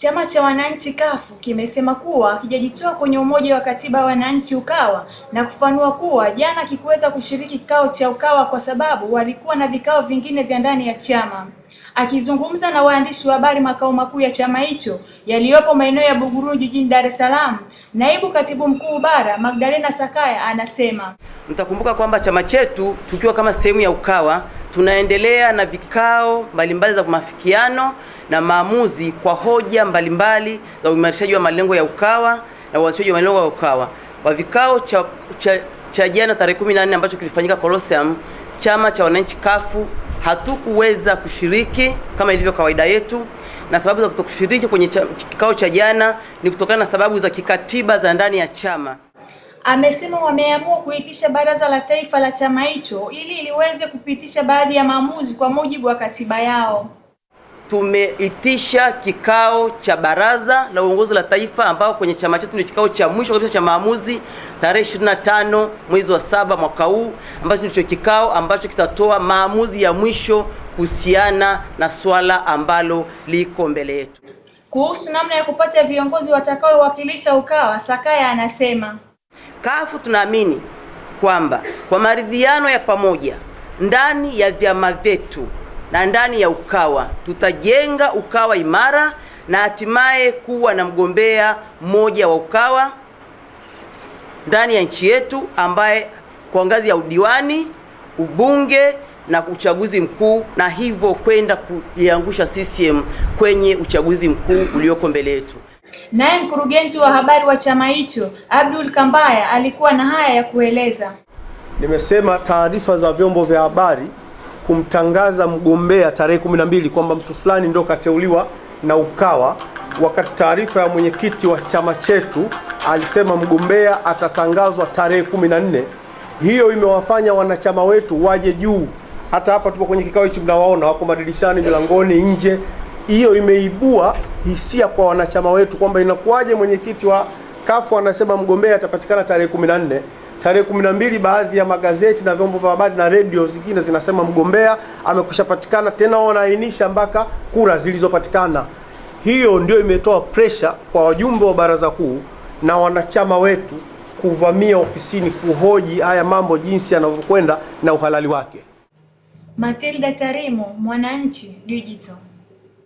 Chama cha Wananchi kafu kimesema kuwa kijajitoa kwenye umoja wa katiba wananchi Ukawa na kufanua kuwa jana kikuweza kushiriki kikao cha Ukawa kwa sababu walikuwa na vikao vingine vya ndani ya chama. Akizungumza na waandishi wa habari makao makuu ya chama hicho yaliyopo maeneo ya Buguruni jijini Dar es Salaam, naibu katibu mkuu bara Magdalena Sakaya anasema, mtakumbuka kwamba chama chetu tukiwa kama sehemu ya Ukawa tunaendelea na vikao mbalimbali za mafikiano na maamuzi kwa hoja mbalimbali za uimarishaji wa malengo ya UKAWA na uanzishaji wa malengo ya UKAWA. Kwa vikao cha, cha, cha jana tarehe 14 ambacho kilifanyika Colosseum, chama cha wananchi kafu hatukuweza kushiriki kama ilivyo kawaida yetu, na sababu za kutokushiriki kwenye kikao cha jana ni kutokana na sababu za kikatiba za ndani ya chama. Amesema wameamua kuitisha baraza la taifa la chama hicho ili liweze kupitisha baadhi ya maamuzi kwa mujibu wa katiba yao tumeitisha kikao cha baraza la uongozi la taifa, ambao kwenye chama chetu ni kikao cha mwisho kabisa cha maamuzi tarehe 25 mwezi wa saba mwaka huu, ambacho ndicho kikao ambacho kitatoa maamuzi ya mwisho kuhusiana na swala ambalo liko mbele yetu kuhusu namna ya kupata viongozi watakaowakilisha Ukawa. Sakaya anasema kafu, tunaamini kwamba kwa maridhiano ya pamoja ndani ya vyama vyetu na ndani ya Ukawa tutajenga Ukawa imara na hatimaye kuwa na mgombea mmoja wa Ukawa ndani ya nchi yetu ambaye kwa ngazi ya udiwani, ubunge na uchaguzi mkuu, na hivyo kwenda kuiangusha CCM kwenye uchaguzi mkuu ulioko mbele yetu. Naye mkurugenzi wa habari wa chama hicho Abdul Kambaya alikuwa na haya ya kueleza. Nimesema taarifa za vyombo vya habari kumtangaza mgombea tarehe 12 kwamba mtu fulani ndio kateuliwa na Ukawa, wakati taarifa ya mwenyekiti wa chama chetu alisema mgombea atatangazwa tarehe 14. Hiyo imewafanya wanachama wetu waje juu. Hata hapa tupo kwenye kikao hichi, mnawaona wako madirishani, milangoni, nje. Hiyo imeibua hisia kwa wanachama wetu kwamba inakuwaje mwenyekiti wa kafu anasema mgombea atapatikana tarehe 14 Tarehe 12 baadhi ya magazeti na vyombo vya habari na redio zingine zinasema mgombea amekushapatikana tena wanaainisha mpaka kura zilizopatikana. Hiyo ndio imetoa presha kwa wajumbe wa baraza kuu na wanachama wetu kuvamia ofisini kuhoji haya mambo jinsi yanavyokwenda na uhalali wake. Matilda Tarimo, Mwananchi Digital.